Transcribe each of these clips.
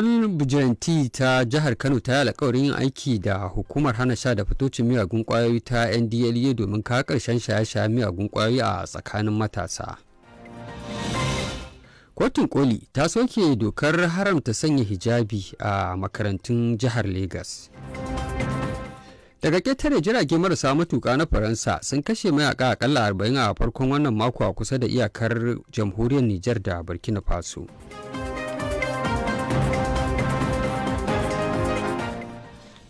rundunar bujiranti ta jihar kano ta yi alkawarin yin aiki da hukumar hana sha da fitocin miyagun kwayoyi ta ndla e domin ka karshen shaye-shaye miyagun kwayoyi a tsakanin matasa kotun koli ta soke dokar haramta sanya hijabi a makarantun jihar Legas. daga ƙetare jirage marasa matuƙa na faransa sun kashe mayaka akalla arba'in a farkon wannan mako a kusa da iyakar jamhuriyar nijar da burkina faso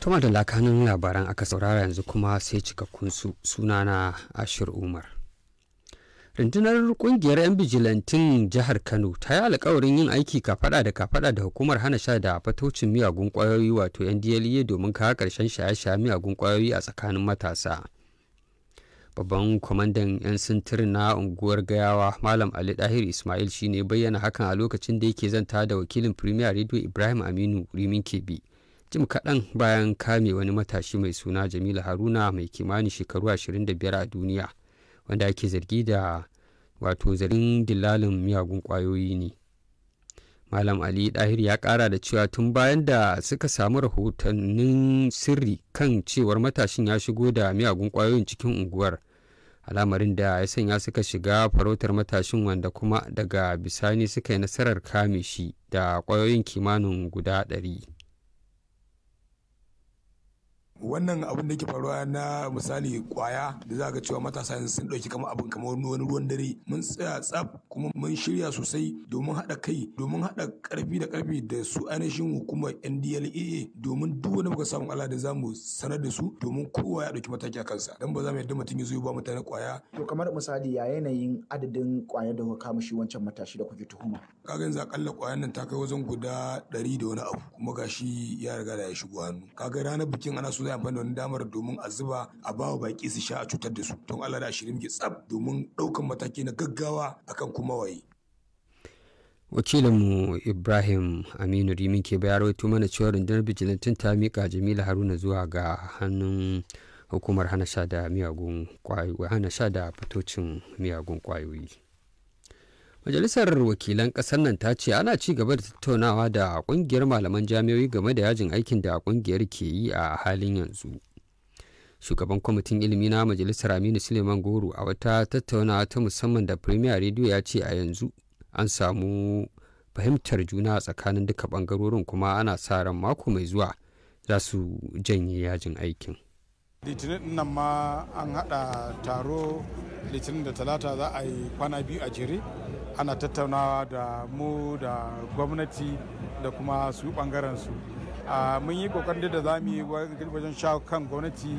Tuma da lakanin labaran aka saurara yanzu kuma sai cikakkun su sunana Ashir Umar. Rundunar kungiyar 'yan bijilantin jihar Kano ta yi alkawarin yin aiki kafada da kafada da hukumar hana sha da fatocin miyagun kwayoyi wato 'yan dla e, domin kawo karshen shaye-shaye miyagun kwayoyi a tsakanin matasa. Babban kwamandan 'yan sintirin na unguwar gayawa Malam Ali Dahir Ismail shine bayyana hakan a lokacin da yake zanta da wakilin Premier Radio Ibrahim Aminu Rimin Kebi. jim kaɗan bayan kame wani matashi mai suna jamilu haruna mai kimanin shekaru 25 a duniya wanda ake zargi da wato zargin dillalin miyagun kwayoyi ne malam ali dahir ya kara da cewa tun bayan da suka samu rahotannin sirri kan cewar matashin ya shigo da miyagun kwayoyin cikin unguwar alamarin da ya sanya suka shiga farautar matashin wanda kuma daga bisani suka yi nasarar kame shi da kwayoyin kimanin guda ɗari. wannan abin da ke faruwa na misali kwaya da za ka cewa matasa yanzu sun ɗauki kama abin kamar wani ruwan dare mun tsaya tsaf kuma mun shirya sosai domin haɗa kai domin haɗa ƙarfi da ƙarfi da su ainihin hukumar ndlea domin duk wani muka samu ala da zamu sanar da su domin kowa ya ɗauki mataki a kansa dan ba za mu yadda mutum ya zo ba mutane kwaya. to kamar misali ya yanayin adadin kwaya da kuka kama shi wancan matashi da kuke tuhuma. kaga yanzu akalla kwayan nan ta kai wajen guda ɗari da wani abu kuma gashi ya riga da ya shigo hannu kaga ranar bikin ana so so zai amfani da wani damar domin a zuba a ba wa baki su sha a cutar da su tun Allah da shirin ke tsab domin ɗaukan mataki na gaggawa akan kuma waye. wakilinmu ibrahim aminu rimin ke bayarwaito mana cewa rundunar bijilantin ta miƙa jamila haruna zuwa ga hannun hukumar hana sha da hana sha da fitocin miyagun kwayoyi majalisar wakilan ƙasar nan ta ce ana ci gaba da tattaunawa da ƙungiyar malaman jami'o'i game da yajin aikin da ƙungiyar ke yi a halin yanzu shugaban kwamitin ilimi na majalisar aminu suleiman goro a wata tattaunawa ta musamman da premier radio ya ce a yanzu an samu fahimtar juna tsakanin duka bangarorin kuma ana sa ran mako mai zuwa za su janye yajin aikin litinin nan ma an hada taro litinin da talata za a yi kwana biyu a jere ana tattaunawa da mu da gwamnati da kuma su bangaren su mun yi kokarin da za mu yi wajen shawo kan gwamnati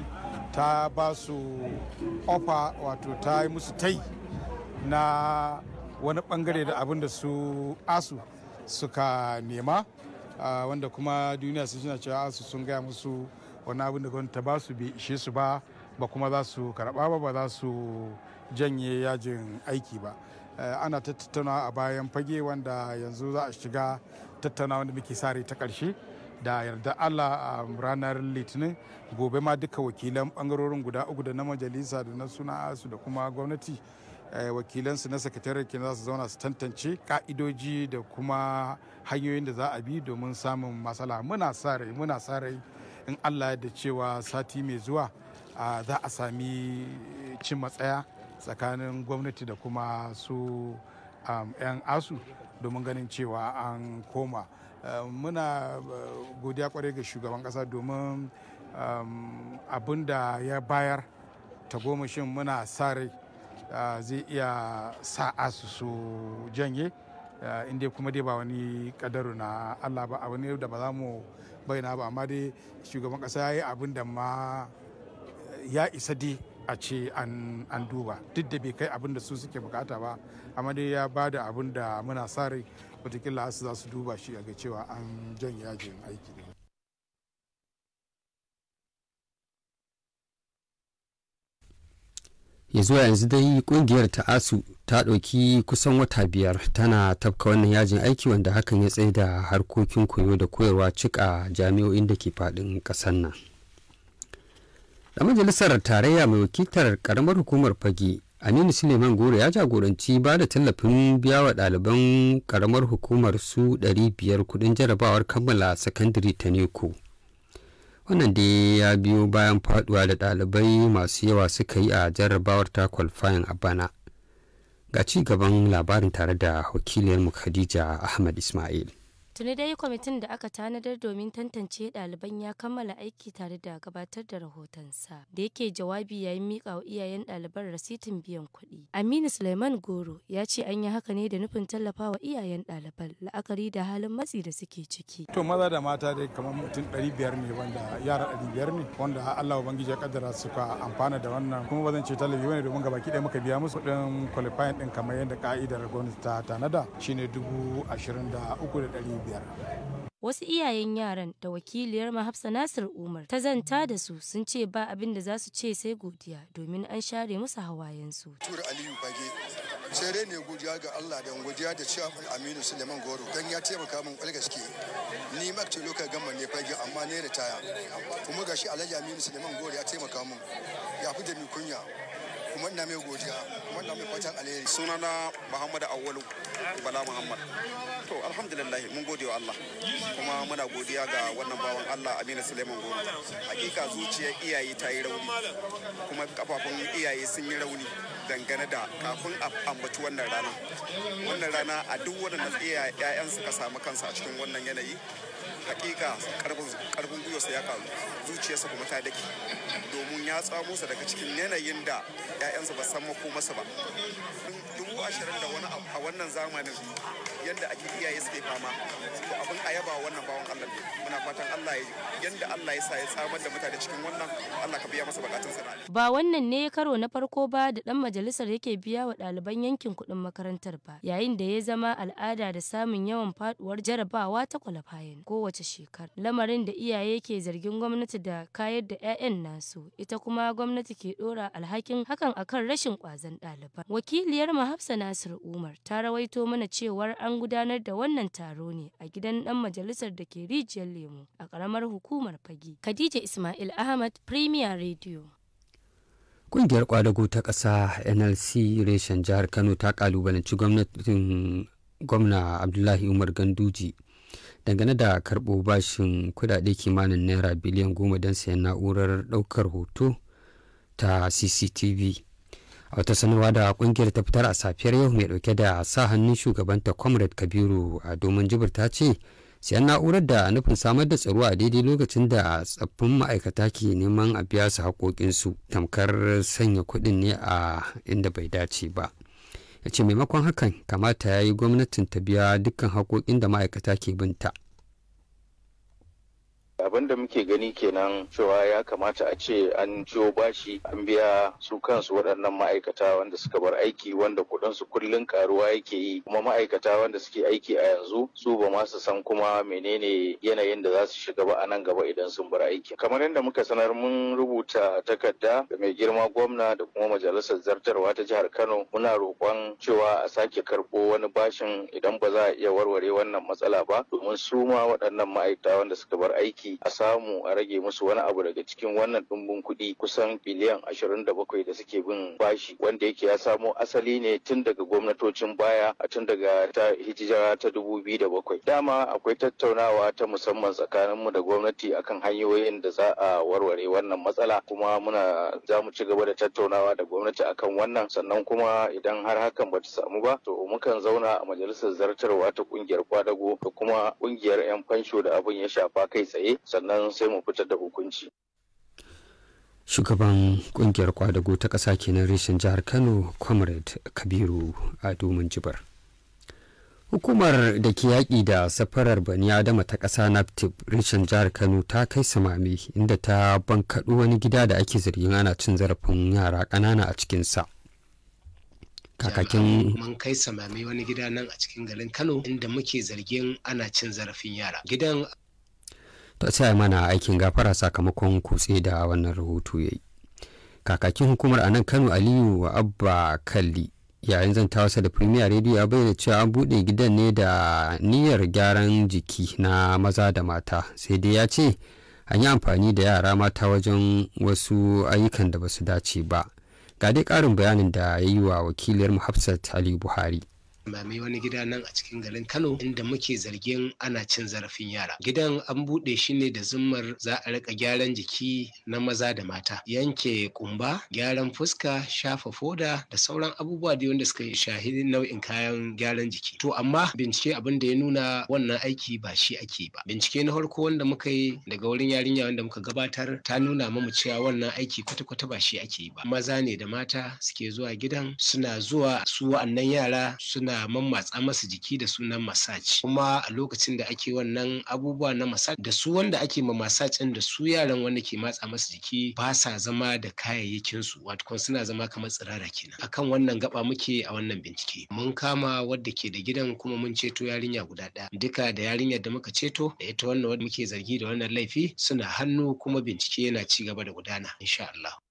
ta ba su ofa wato ta yi musu tai na wani bangare da abin da su asu suka nema wanda kuma duniya su suna cewa asu sun gaya musu wani abin da gwamnati ta ba su bi ishe su ba ba kuma za su karɓa ba ba za su janye yajin aiki ba eh, ana ta tattauna a bayan fage wanda yanzu za a shiga tattauna wanda muke sare ta ƙarshe da yarda Allah a ranar litinin gobe ma duka wakilan bangarorin guda uku da na majalisa da na suna su da kuma gwamnati eh, wakilansu na sakataren ke za su zauna su tantance ka'idoji da kuma hanyoyin da za a bi domin samun matsala muna sa muna sa in allah da cewa sati mai zuwa za a sami cin matsaya tsakanin gwamnati da kuma su 'yan asu domin ganin cewa an koma muna godiya kwarai ga shugaban kasa domin abin da ya bayar tagomashin muna sa zai iya sa asu su janye inda kuma dai ba wani kadaru na allah ba abu ne da ba za mu bayyana ba amma dai shugaban kasa ya yi abin da ma ya isa dai a ce an duba duk da bai kai abin da su suke bukata ba amma dai ya ba da abin da muna sa rai watakila su za su duba shi ga cewa an janye yajin aiki ya zuwa yanzu dai kungiyar ta asu ta ɗauki kusan wata biyar tana tafka wannan yajin aiki wanda hakan ya tsaye da harkokin koyo da koyarwa cika jami'o'in da ke faɗin ƙasar nan da majalisar tarayya mai wakiltar karamar hukumar fage aminu suleiman goro ya jagoranci ba da tallafin biya wa ɗaliban karamar hukumar su 500 kuɗin jarabawar kammala sakandare ta neko wannan dai ya biyo bayan faduwa da ɗalibai masu yawa suka yi a jarrabawar ta kwalfayin a bana ga ci gaban labarin tare da wakiliyarmu khadija ahmad ismail Tuni dai kwamitin da aka tanadar domin tantance ɗaliban ya kammala aiki tare da gabatar da rahotonsa da yake jawabi yayin miƙa wa iyayen ɗaliban rasitin biyan kuɗi. Aminu Suleiman Goro ya ce an yi haka ne da nufin tallafa wa iyayen ɗaliban la'akari da halin matsi da suke ciki. To maza da mata dai kamar mutum ɗari biyar ne wanda yara ɗari biyar ne wanda Allah ubangiji ya kaddara ka amfana da wannan kuma ba zan ce talabi bane domin gabaki ɗaya muka biya musu kuɗin qualifying ɗin kamar yadda ka'idar gwamnati ta tanada shine dubu ashirin da uku da ɗari Wasu iyayen yaran da wakiliyar mahafsa Nasir Umar ta zanta da su sun ce ba abin da za su ce sai godiya domin an share musu hawayensu. Tura Aliyu Bage sai dai ne godiya ga Allah don godiya da cewa Aminu Suleiman Goro don ya taimaka min kwal gaske ni makci lokacin gama ne fage amma ne da taya kuma gashi Alhaji Aminu Suleiman Goro ya taimaka min ya fi da mi kunya kuma ina mai godiya kuma ina mai kwacin alheri na muhammadu Awwalu Bala Muhammad to alhamdulillah mun gode wa Allah kuma muna godiya ga wannan bawan Allah Aminu Suleiman Goro hakika zuciyar iyaye ta yi rauni kuma kafafun iyaye sun yi rauni dangane da kafin a ambaci wannan rana wannan rana a duk waɗannan iyayen suka samu kansa a cikin wannan yanayi hakika karfin gwiwarsa ya karu zuciyarsa kuma ta daki domin ya tsamo sa daga cikin yanayin da ƴaƴansa ba san masa ba dubu ashirin da wani a wannan zamanin yadda ake iyaye suke fama to abin a yaba wannan bawan Allah ne muna fatan Allah yadda Allah ya sa ya tsamar da mutane cikin wannan Allah ka biya masa bukatun sa ba wannan ne karo na farko ba da dan majalisar yake biya wa ɗaliban yankin kuɗin makarantar ba yayin da ya zama al'ada da samun yawan faduwar jarabawa ta kwalafayin kowace kowace shekara. Lamarin da iyaye ke zargin gwamnati da kayar da 'ya'yan nasu, ita kuma gwamnati ke ɗora alhakin hakan akan rashin ƙwazon ɗaliban. Wakiliyar Mahafsa Nasir Umar ta rawaito mana cewar an gudanar da wannan taro ne a gidan ɗan majalisar da ke rijiyar lemu a ƙaramar hukumar fagi. Khadija Ismail Ahmad, Premier Radio. ƙungiyar kwadago ta ƙasa NLC reshen jihar Kano ta ƙalubalanci gwamnatin gwamna Abdullahi Umar Ganduji dangane da karɓo bashin kudade kimanin naira biliyan goma don sayan na'urar ɗaukar hoto ta cctv a wata sanarwa da kungiyar ta fitar a safiyar yau mai ɗauke da sa hannun shugabanta comrade kabiru a domin jibir ta ce sayan na'urar da nufin samar da tsaro a daidai lokacin da tsaffin ma'aikata ke neman a biya su haƙoƙinsu tamkar sanya kuɗin ne a inda bai dace ba ya ce maimakon hakan kamata ya yi gwamnatin ta biya dukkan haƙoƙin da ma'aikata ke binta abin da muke gani kenan cewa ya kamata a ce an ciwo bashi an biya su kansu waɗannan ma'aikata wanda suka bar aiki wanda kuɗin su kullun karuwa yake yi kuma ma'aikata wanda suke aiki a yanzu su ba ma su san kuma menene yanayin da za su shiga ba a nan gaba idan sun bar aiki kamar yadda muka sanar mun rubuta takarda da mai girma gwamna da kuma majalisar zartarwa ta jihar Kano muna roƙon cewa a sake karɓo wani bashin idan ba za a iya warware wannan matsala ba domin su ma waɗannan ma'aikata wanda suka bar aiki a samu a rage musu wani abu daga cikin wannan dumbun kuɗi kusan biliyan ashirin da bakwai da suke bin bashi wanda yake ya samo asali ne tun daga gwamnatocin baya a tun daga ta hijira ta dubu biyu da bakwai dama akwai tattaunawa ta musamman tsakaninmu da gwamnati akan hanyoyin da za a warware wannan matsala kuma muna za mu ci gaba da tattaunawa da gwamnati akan wannan sannan kuma idan har hakan bata samu ba to mukan zauna a majalisar zartarwa ta kungiyar kwadago da kuma kungiyar 'yan fansho da abin ya shafa kai tsaye sannan sai mu fitar da hukunci shugaban kungiyar kwadago ta ƙasa kenan reshen jihar kano comrade kabiru domin jibar hukumar da ke yaƙi da safarar bani adama ta ƙasa naptip reshen jihar kano ta kai samami inda ta bankaɗo wani gida da ake zargin ana cin zarafin yara ƙanana a cikinsa kakakin mun kai samami wani gida nan a cikin garin kano inda muke zargin ana cin zarafin yara gidan to mana aikin gafara sakamakon kutse da wannan rahoto ya yi kakakin hukumar a nan kano aliyu wa abba kalli yayin wasa da premier radio ya bayyana cewa an buɗe gidan ne da niyyar gyaran jiki na maza da mata sai dai ya ce an yi amfani da yara mata wajen wasu ayyukan da ba su dace ba ga dai ƙarin bayanin da ya yi wa wakiliyar hafsat ali buhari mamai wani gida nan a cikin garin Kano inda muke zargin ana cin zarafin yara. Gidan an buɗe shi ne da zummar za a rika gyaran jiki na maza da mata, yanke kumba, gyaran fuska, shafa foda da sauran abubuwa da wanda suka shahi nau'in kayan gyaran jiki. To amma bincike abin da ya nuna wannan aiki ba shi ake ba. Bincike na farko wanda muka yi daga wurin yarinya wanda muka gabatar ta nuna mamu cewa wannan aiki kwata-kwata ba shi ake ba. Maza ne da mata suke zuwa gidan suna zuwa su wa'annan yara suna ana mammatsa masa jiki da sunan massage kuma a lokacin da ake wannan abubuwa na massage da su wanda ake ma masacin da su yaran wanda ke matsa masa jiki ba sa zama da kayayyakin su wato suna zama kamar tsirara kenan akan wannan gaba muke a wannan bincike mun kama wadda ke da gidan kuma mun ceto yarinya guda ɗaya duka da yarinyar da muka ceto da ita wannan wadda muke zargi da wannan laifi suna hannu kuma bincike yana ci gaba da gudana insha Allah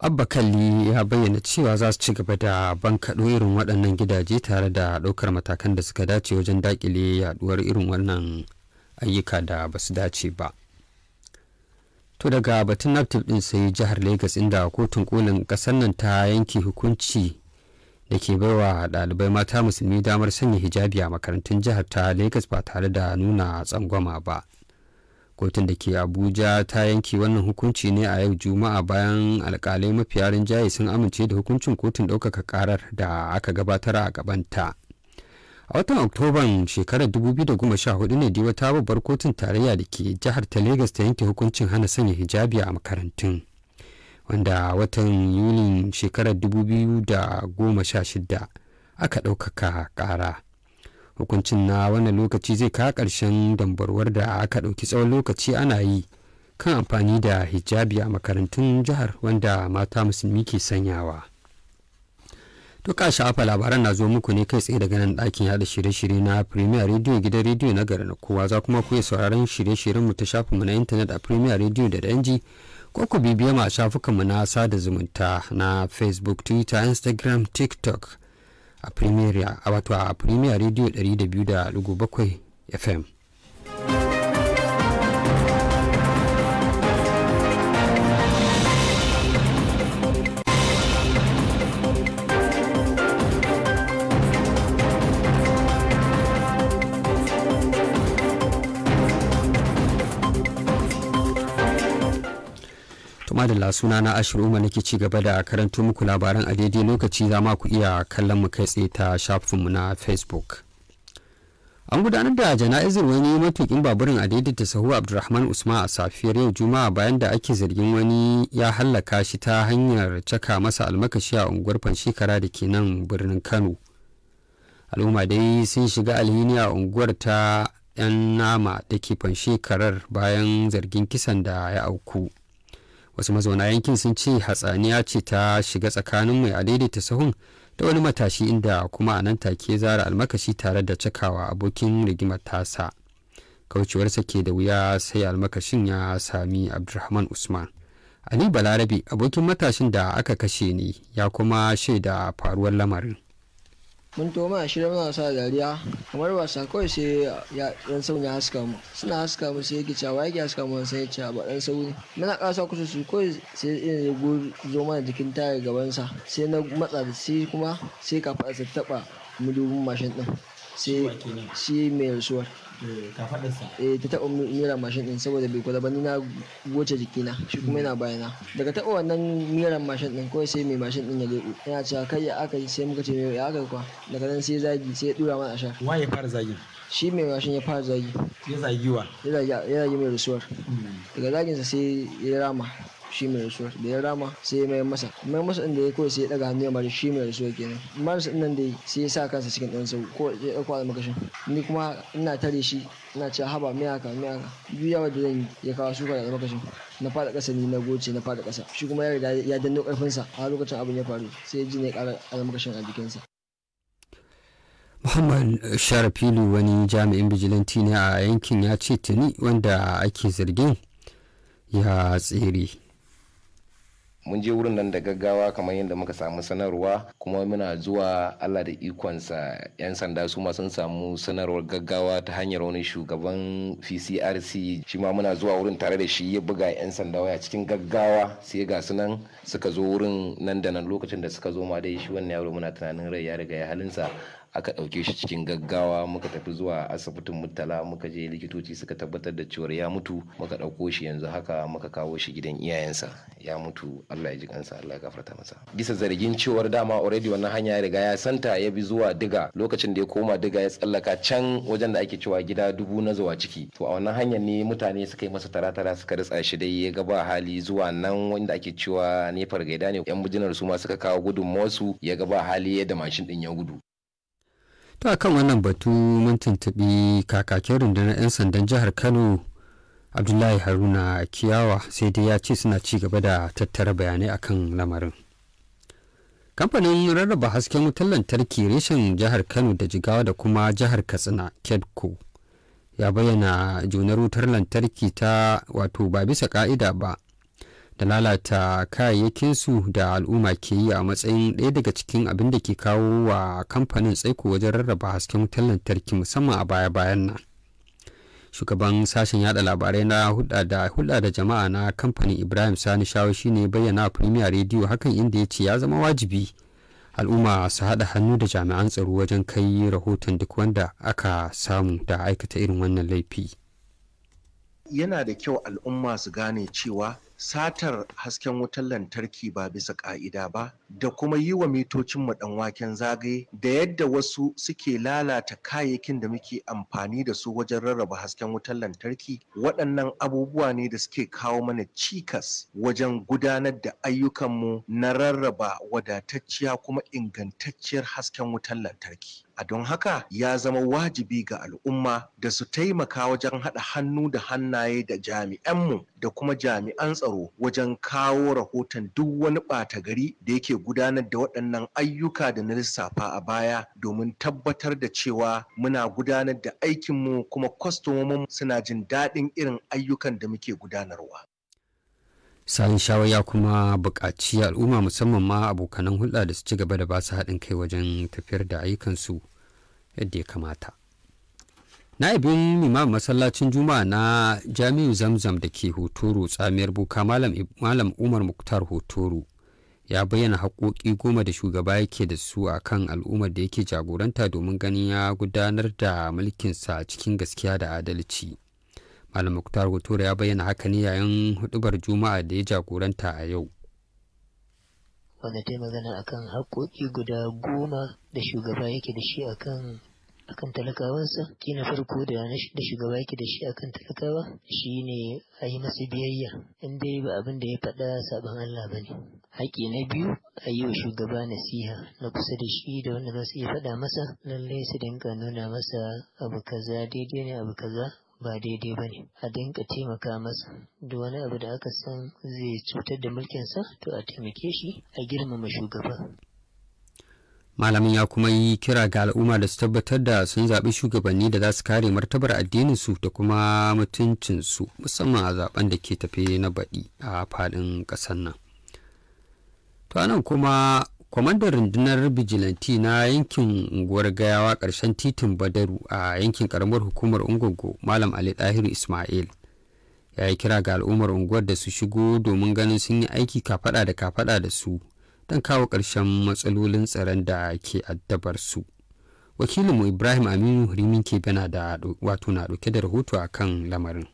abba kalli ya bayyana cewa za su ci gaba da bankaɗo irin waɗannan gidaje tare da ɗaukar matakan da suka dace wajen daƙile yaɗuwar irin wannan ayyuka da ba su dace ba to daga batun naftif ɗin sai jihar lagos inda kotun kolin ƙasar nan ta yanke hukunci da ke baiwa ɗalibai mata musulmi damar sanya hijabi a makarantun jihar ta lagos ba tare da nuna tsangwama ba kotun da ke abuja ta yanke wannan hukunci ne a yau juma'a bayan alkalai mafiya rinjaye sun amince da hukuncin kotun ɗaukaka karar da aka gabatar a gabanta a watan oktoban shekarar 2014 ne da wata babbar kotun tarayya da ke jihar ta lagos ta yanke hukuncin hana sanya hijabi a makarantun wanda watan yunin shekarar 2016 aka ɗaukaka ƙara hukuncin na wannan lokaci zai kawo ƙarshen dambarwar da aka ɗauki tsawon lokaci ana yi kan amfani da hijabi a makarantun jihar wanda mata musulmi ke sanyawa to ka shafa labaran na zo muku ne kai tsaye daga nan ɗakin yada shirye-shirye na premier radio gidan radio na garin kowa za kuma ku sauraron shirye-shiryen mu ta shafin mu na intanet a premier radio da danji ko ku bibiya ma shafukan mu na sada zumunta na facebook twitter instagram tiktok a premier a wato a da radio bakwai fm madalla suna na ashiru umar nake ci gaba da karanto muku labaran a daidai lokaci za ma ku iya kallon mu kai tsaye ta shafinmu na facebook an gudanar da jana'izar wani matukin baburin a ta sahu abdulrahman usman a safiyar yau juma'a bayan da ake zargin wani ya hallaka shi ta hanyar caka masa almakashi a unguwar fanshikara da ke nan birnin kano al'umma dai sun shiga alhini a unguwar ta 'yan nama da ke fanshikarar bayan zargin kisan da ya auku wasu mazauna yankin sun ce hatsaniya ce ta shiga tsakanin mai adaidaita sahun da wani matashi inda kuma a nan take zara almakashi tare da cakawa abokin rigimar tasa kaucewar ke da wuya sai almakashin ya sami abdulrahman usman ali balarabe abokin matashin da aka kashe ne ya kuma shaida faruwar lamarin mun to ma shirya muna sa dariya kamar wasa kawai sai ya dan sauni ya haska mu suna haska mu sai yake cewa yake haska mu sai ya ba dan sauri muna kasa kusa su kawai sai in ya zo mana jikin tayar gaban sa sai na matsa da sai kuma sai kafa sa taba mudubin mashin din sai shi mai rasuwar Eh, kafadarsa eh ta taɓa mira mashin din saboda bai kwada ba ni na goce jikina shi kuma yana bayana daga taɓa wannan miran mashin din kawai sai mai mashin din ya leko yana cewa kai ya aka yi sai muka ce mai ya aka kwa daga nan sai zagi sai ya dura mana a wa ya fara zagi shi mai mashin ya fara zagi ya zagi wa ya zagi mai rasuwar hmm. daga zaginsa sai ya rama shi mai rasuwar da ya rama sai ya mai masa mai masa inda ya kawai sai ya daga hannu ya mari shi mai rasuwar kenan marasa nan da sai ya sa kansa cikin dan sau ko ya almakashin ni kuma ina tare shi ina cewa haba mai haka mai haka biyu yawa da zan ya kawo suka da almakashin na fada ƙasa ni na goce na fada kasa shi kuma ya riga ya danno ƙarfinsa a lokacin abin ya faru sai ya ji ne kara almakashin a jikinsa muhammad sharafilu wani jami'in bijilanti ne a yankin ya ce tuni wanda ake zargin ya tsere mun je wurin nan da gaggawa kamar yadda muka samu sanarwa kuma muna zuwa allah da ikonsa yan sanda su ma sun samu sanarwar gaggawa ta hanyar wani shugaban pcrc shi ma muna zuwa wurin tare da shi ya buga yan sanda waya cikin gaggawa sai ga su nan suka zo wurin nan da nan lokacin da suka zo ma dai shi wannan yaro muna tunanin rai ya riga ya halinsa aka ɗauke shi cikin gaggawa muka tafi zuwa asibitin murtala muka je likitoci suka tabbatar da cewar ya mutu muka ɗauko shi yanzu haka muka kawo shi gidan iyayensa ya mutu allah ya ji kansa allah ya gafarta masa bisa zargin cewar dama already wannan hanya ya riga ya santa ya bi zuwa diga lokacin da ya koma diga ya tsallaka can wajen da ake cewa gida dubu na zuwa ciki to a wannan hanyar ne mutane suka yi masa taratara suka ritsa shi dai ya ba hali zuwa nan wanda ake cewa nefar gaida ne yan bujinar su ma suka kawo gudun su ya ga ba hali da mashin din ya gudu a kan wannan batu mun tuntuɓi kakakin rundunar 'yan sandan jihar kano abdullahi haruna kiyawa sai dai ya ce suna ci gaba da tattara bayanai akan lamarin kamfanin rarraba hasken wutar lantarki reshen jihar kano da jigawa da kuma jihar katsina kedco ya bayyana junar wutar lantarki ta wato ba bisa ka'ida ba da lalata kayayyakin su da al'umma ke yi a matsayin ɗaya daga cikin abin da ke kawo wa kamfanin tsaiko wajen rarraba hasken wutar lantarki musamman a baya-bayan nan shugaban sashen yada labarai na hulɗa da hulɗa da jama'a na kamfanin ibrahim sani shawo shine bayyana a premier rediyo hakan inda ya ce ya zama wajibi al'umma su haɗa hannu da jami'an tsaro wajen kai rahoton duk wanda aka samu da aikata irin wannan laifi yana da kyau al'umma su gane cewa satar hasken wutar lantarki ba bisa ƙa'ida ba da kuma yi wa mitocin mu dan waken zagaye da yadda wasu suke lalata kayayyakin da muke amfani da su wajen rarraba hasken wutar lantarki waɗannan abubuwa ne da suke kawo mana cikas wajen gudanar da ayyukanmu na rarraba wadatacciya kuma ingantacciyar hasken wutar lantarki a don haka ya zama wajibi ga al'umma da su taimaka wajen haɗa hannu da hannaye da jami'anmu da kuma jami'an tsaro wajen kawo rahoton duk wani ɓata gari da yake gudanar da waɗannan ayyuka da na lissafa a baya domin tabbatar da cewa muna gudanar da aikinmu kuma kwastomomin suna jin daɗin irin ayyukan da muke gudanarwa. salin shawar ya kuma buƙaci al'umma musamman ma abokanan hulɗa da su ci gaba da ba su haɗin kai wajen tafiyar da ayyukansu yadda ya kamata na'ibin Limamin masallacin juma'a na jami'u zamzam da ke hotoro tsamiyar buka malam umar muktar hotoro ya bayyana haƙoƙi goma da shugaba yake da su a kan al'ummar da yake jagoranta domin ganin ya gudanar da mulkinsa cikin gaskiya da adalci. Al-Muktar Gutura ya bayyana haka ne yayin hudubar Juma'a da ya jagoranta a yau. Wanda ta magana akan haƙoƙi guda goma da shugaba yake da shi akan akan talakawansa ki na farko da da shugaba yake da shi akan talakawa shi ne a yi masa biyayya in dai ba abin da ya faɗa sabon Allah ba ne haƙƙi na biyu a yi wa shugaba nasiha na kusa da shi da wanda za su iya faɗa masa lallai su dinga nuna masa abu kaza daidai ne abu kaza ba daidai ba ne a dinka taimaka masa da wani abu da aka san zai cutar da mulkinsa to a taimake shi a girmama shugaba malamin ya kuma yi kira ga al'umma da su tabbatar da sun zaɓi shugabanni da za su kare martabar addininsu da kuma mutuncinsu musamman a zaben da ke tafe na baɗi a faɗin ƙasar nan to anan kuma kwamandan rundunar bijilanti na yankin unguwar gayawa karshen titin badaru a yankin karamar hukumar ungogo malam ali ɗahiru ismail ya yi kira ga al'ummar unguwar da su shigo domin ganin sun yi aiki kafaɗa da kafaɗa da su don kawo karshen matsalolin tsaron da ke addabar su wakilinmu ibrahim aminu rimin ke bana da wato na dauke da rahoto a kan lamarin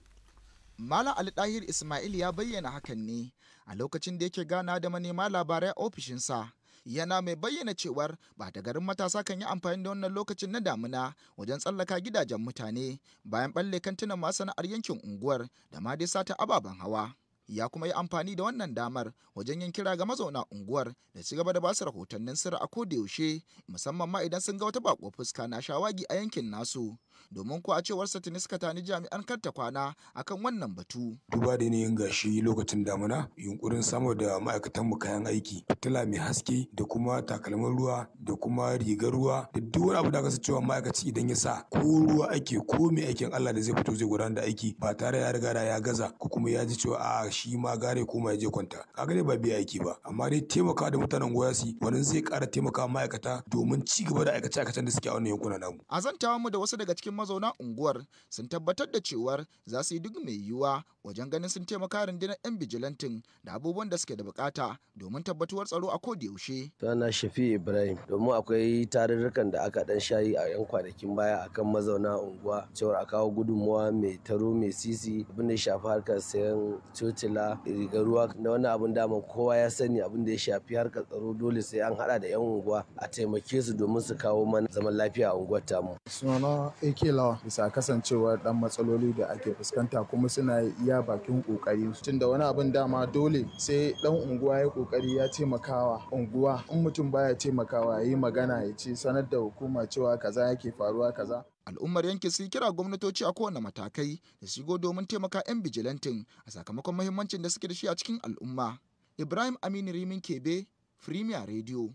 malam ali dahir ismail ya bayyana hakan ne a lokacin da yake gana da manema labarai ofishinsa yana mai bayyana cewar ba da garin matasa kan yi amfani da wannan lokacin na damuna wajen tsallaka gidajen mutane bayan balle kantunan masana'ar yankin unguwar da ma dai sata ababen hawa. ya kuma yi amfani da wannan damar wajen yin kira ga mazauna unguwar da ci gaba da basu rahotannin sirri a koda yaushe musamman ma idan sun ga wata bako fuska na shawagi a yankin nasu domin ko a cewar sa tuni suka tani jami'an karta kwana akan wannan batu. Duba da yanayin gashi lokacin damuna yunkurin samar da ma'aikatan mu kayan aiki fitila mai haske da kuma takalmin ruwa da kuma rigar ruwa da duk wani abu da aka cewa ma'aikaci idan ya sa ko ruwa ake ko mai aikin Allah da zai fito zai gudanar da aiki ba tare ya riga da ya gaza ko kuma ya ji cewa a shi ma gare ko ma ya je kwanta kaga dai ba biya aiki ba amma dai taimaka da mutanen goyasi wani zai kara taimaka ma'aikata domin ci gaba da aikace-aikacen da suke a wannan yankuna namu. A zantawa mu da wasu daga cikin mazauna unguwar sun tabbatar da cewar za su yi duk mai yiwuwa wajen ganin sun taimaka rundunar 'yan bijilantin da abubuwan da suke da bukata domin tabbatuwar tsaro a koda yaushe. tana Shafi Ibrahim domin akwai tarurrukan da aka dan shayi a 'yan kwanakin baya akan mazauna unguwa cewar a kawo gudunmuwa mai taro mai sisi abin da ya shafi harkar sayan cocila rigar ruwa na wani abin dama kowa ya sani abin da ya shafi harkar tsaro dole sai an haɗa da 'yan unguwa a taimake su domin su kawo mana zaman lafiya a unguwar tamu. Sunana lawa bisa kasancewar dan matsaloli da ake fuskanta kuma suna iya bakin kokari tun da wani abin dama dole sai dan unguwa ya kokari ya taimakawa unguwa in mutum baya taimakawa yayi magana ya ce sanar da hukuma cewa kaza yake faruwa kaza al'ummar yankin sun kira gwamnatoci a kowane matakai da shigo domin taimaka 'yan bijilantin a sakamakon mahimmancin da suke da shi a cikin al'umma ibrahim aminu rimin kebe premier radio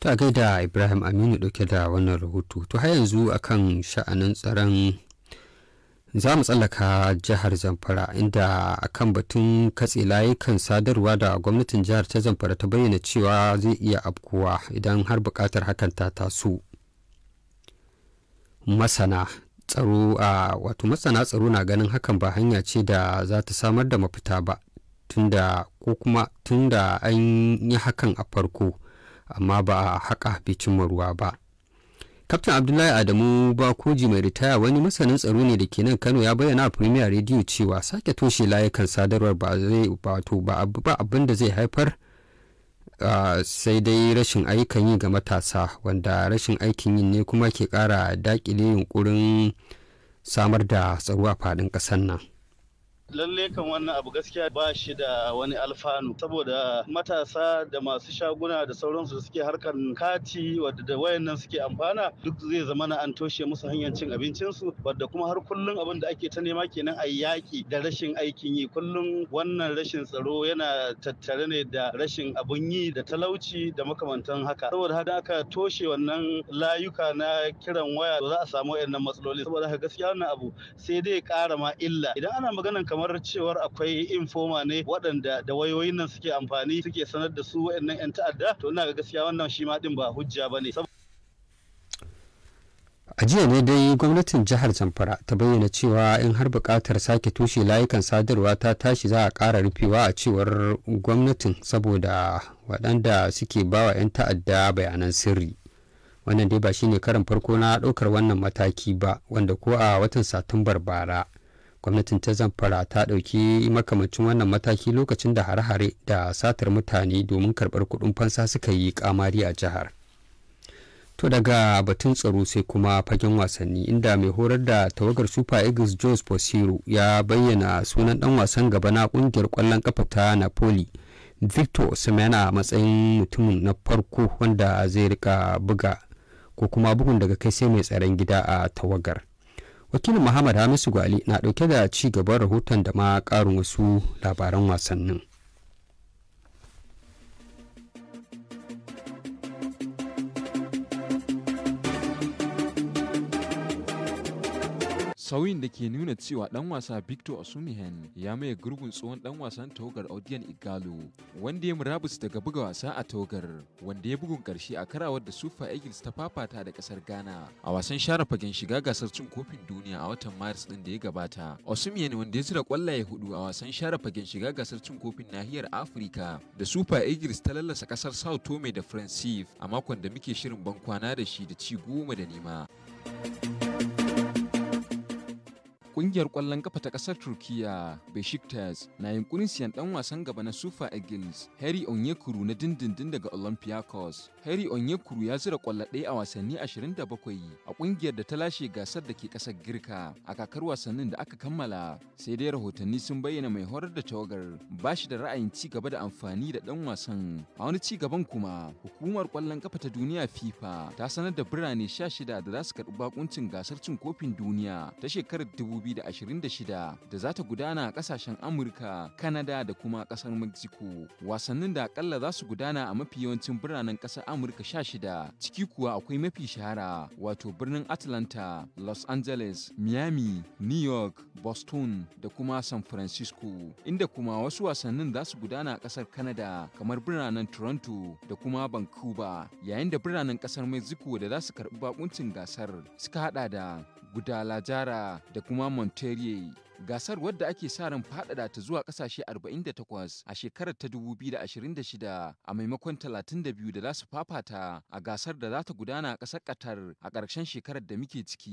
ta gaida ibrahim aminu dauke da wannan rahoto to har yanzu akan sha'anin tsaron za mu tsallaka jihar zamfara inda akan batun katse layukan sadarwa da gwamnatin jihar ta zamfara ta bayyana cewa zai iya afkuwa idan har bukatar hakan ta taso masana tsaro a wato masana tsaro na ganin hakan ba hanya ce da za ta samar da mafita ba tunda ko kuma tunda an yi hakan a farko amma ba a haƙa bai cimma ruwa ba kaftin abdullahi adamu bakoji mai ritaya wani masanin tsaro ne da ke nan kano ya bayyana a premier radio cewa sake toshe layukan sadarwar ba zai wato ba abin da zai haifar sai dai rashin ayyukan yi ga matasa wanda rashin aikin yin ne kuma ke kara dakile yunƙurin samar da tsaro a faɗin ƙasar nan lalle kan wannan abu gaskiya ba shi da wani alfanu saboda matasa da masu shaguna da sauransu da suke harkar kati wadda da wayannan suke amfana duk zai zama na an toshe musu hanyar cin abincinsu wadda kuma har kullum abin da ake ta nema kenan a yaƙi da rashin aikin yi kullum wannan rashin tsaro yana tattare ne da rashin abun yi da talauci da makamantan haka saboda haka aka toshe wannan layuka na kiran waya za a samu wayannan matsaloli saboda haka gaskiya wannan abu sai dai ƙara ma illa idan ana maganan ka. kamar cewar akwai informa ne waɗanda da wayoyin nan suke amfani suke sanar da su waannan 'yan ta'adda to ina ga gaskiya wannan shi ma din ba hujja ba ne. a jiya ne dai gwamnatin jihar zamfara ta bayyana cewa in har buƙatar sake tushe layukan sadarwa ta tashi za a ƙara rufewa a cewar gwamnatin saboda waɗanda suke bawa 'yan ta'adda bayanan sirri wannan dai ba shine karin farko na ɗaukar wannan mataki ba wanda ko a watan satumbar bara gwamnatin ta zamfara ta dauki makamacin wannan mataki lokacin da hare-hare da satar mutane domin karbar kudin fansa suka yi kamari a jihar to daga batun tsaro sai kuma fagen wasanni inda mai horar da tawagar super eagles jos posiro ya bayyana sunan dan wasan gaba na kungiyar kwallon kafa ta napoli victor semena a matsayin mutumin na farko wanda zai rika buga ko kuma bugun daga kai sai mai tsaron gida a tawagar wakilin muhammad hamisu gwali na dauke da ci gaban rahoton da ma karin wasu labaran wasannin sauyin da ke nuna cewa dan wasa Victor Osimhen ya maye gurbin tsohon dan wasan togar Odion Igalo wanda ya murabus daga buga wasa a togar wanda ya bugun karshe a karawar da Super Eagles ta fafata da kasar Ghana a wasan share fagen shiga gasar cin kofin duniya a watan Maris din da ya gabata. Osimhen wanda ya zira kwallaye hudu a wasan share fagen shiga gasar cin kofin nahiyar Afirka da Super Eagles ta lallasa kasar Sao Tome da Principe a makon da muke shirin bankwana da shi da ci goma da nema. Kungiyar ƙwallon kafa ta ƙasar Turkiya, Besiktas, na yunkurin siyan ɗan wasan gaba na Sufa Eagles, Harry Onyekuru na dindindin daga Olympiacos. Harry Onyekuru ya zira ƙwallo ɗaya a wasanni 27 a ƙungiyar da ta lashe gasar da ke ƙasar Girka a kakar wasannin da aka kammala. Sai dai rahotanni sun bayyana mai horar da tawagar ba shi da ra'ayin ci gaba da amfani da ɗan wasan. A wani ci gaban kuma, hukumar ƙwallon kafa ta duniya FIFA ta sanar da birane 16 da za su karɓi bakuncin gasar cin kofin duniya ta shekarar 2000 2026 da za ta gudana a kasashen Amurka, Kanada da kuma kasar Mexico. Wasannin da akalla za su gudana a mafi yawancin biranen kasar Amurka 16, ciki kuwa akwai mafi shahara wato birnin Atlanta, Los Angeles, Miami, New York, Boston da kuma San Francisco, inda kuma wasu wasannin za su gudana a kasar Kanada kamar biranen Toronto da kuma Vancouver, yayin da biranen kasar Mexico da za su karɓi bakuncin gasar suka hada da Gudalajara da kuma Monterrey. Gasar wadda ake sa ran faɗaɗa ta zuwa ƙasashe 48 a shekarar ta 2026 a maimakon 32 da za su fafata a gasar da za ta gudana a ƙasar Qatar a ƙarshen shekarar da muke ciki.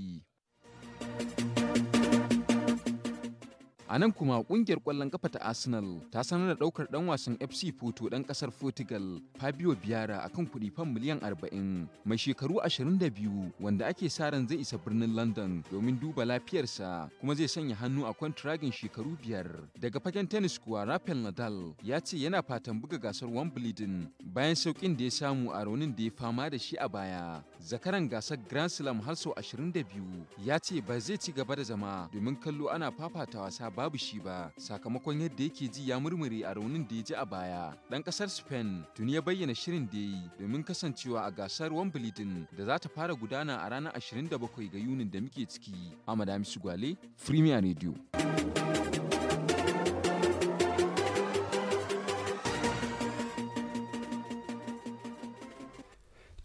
A nan kuma kungiyar ƙwallon kafa ta Arsenal ta sanar da ɗaukar ɗan wasan FC Foto ɗan ƙasar Portugal Fabio Biara akan kuɗi fam miliyan 40 mai shekaru 22 wanda ake sa ran zai isa birnin London domin duba lafiyarsa kuma zai sanya hannu a kwantiragin shekaru biyar. Daga fagen tennis kuwa Rafael Nadal ya ce yana fatan buga gasar Wimbledon bayan saukin da ya samu a raunin da ya fama da shi a baya. Zakaran gasar Grand Slam har sau 22 ya ce ba zai ci gaba da zama domin kallo ana fafata wasa ba babu shi ba sakamakon yadda yake ji ya murmure a raunin da ya ji a baya. dan kasar Spain tuni ya bayyana shirin da ya yi domin kasancewa a gasar Wembley din da za ta fara gudana a ranar 27 ga Yunin da muke ciki. Amada Hamisu Gwale, Premier Radio.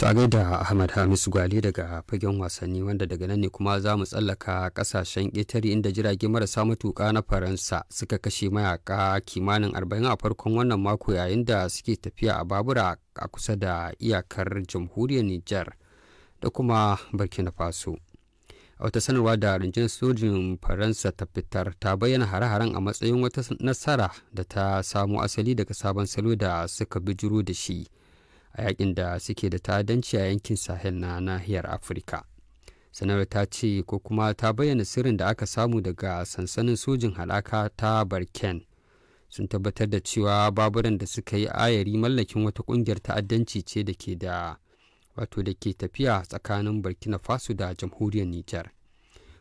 ta gaida ahmad hamis gwale daga fagen wasanni wanda daga nan ne kuma za mu tsallaka kasashen ƙetare inda jirage marasa matuƙa na faransa suka kashe mayaka kimanin arba'in a farkon wannan mako yayin da suke tafiya a babura a kusa da iyakar jamhuriyar niger da kuma burkina faso a wata sanarwa da rundunar sojin faransa ta fitar ta bayyana hare-haren a matsayin wata nasara da ta samo asali daga sabon salo da suka bijiro da shi a yakin da suke da ta'addanci a yankin sahel na nahiyar afirka sanarwar ta ce ko kuma ta bayyana sirrin da aka samu daga sansanin sojin halaka ta barken sun tabbatar da cewa baburan da suka yi ayari mallakin wata kungiyar ta'addanci ce da ke da wato da ke tafiya tsakanin burkina faso da jamhuriyar nijar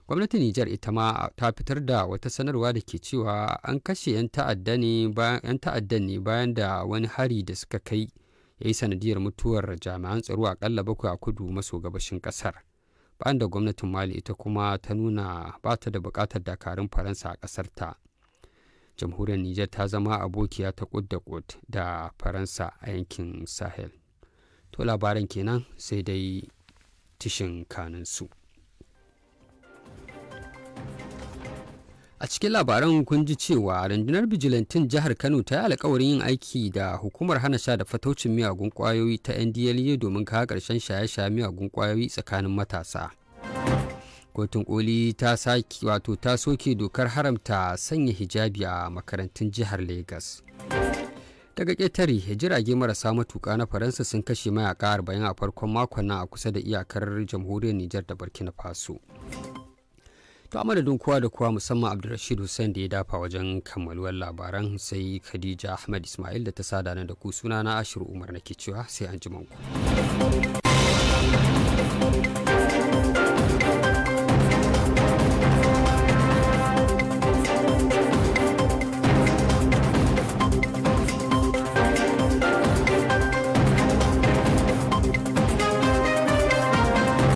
gwamnatin nijar ita ma ta fitar da wata sanarwa da ke cewa an kashe 'yan ta'adda ne bayan da wani hari da suka kai ya yi sanadiyar mutuwar jami'an tsaro akalla bakwai a kudu maso gabashin kasar bayan da gwamnatin mali ita kuma ta nuna ba ta da bukatar dakarun faransa a kasar ta jamhuriyar niger ta zama abokiya ta kud da kud da faransa a yankin sahel to labaran kenan sai dai tishin kanin su. a cikin labaran kun ji cewa rundunar bijilantin jihar kano ta yi alkawarin yin aiki da hukumar hana sha da fataucin miyagun kwayoyi ta ndla domin kawo ƙarshen shaye-shaye miyagun kwayoyi tsakanin matasa kotun koli ta saki wato ta soke dokar haramta sanya hijabi a makarantun jihar Legas. daga ƙetare jirage marasa matuƙa na faransa sun kashe mayaka arba'in a farkon makon nan a kusa da iyakar jamhuriyar nijar da burkina faso to a madadin kowa da kowa musamman abdulrashid hussein da ya dafa wajen kammaluwar labaran sai khadija ahmad ismail da ta sada da ku sunana ashiru umar nake cewa sai an ku.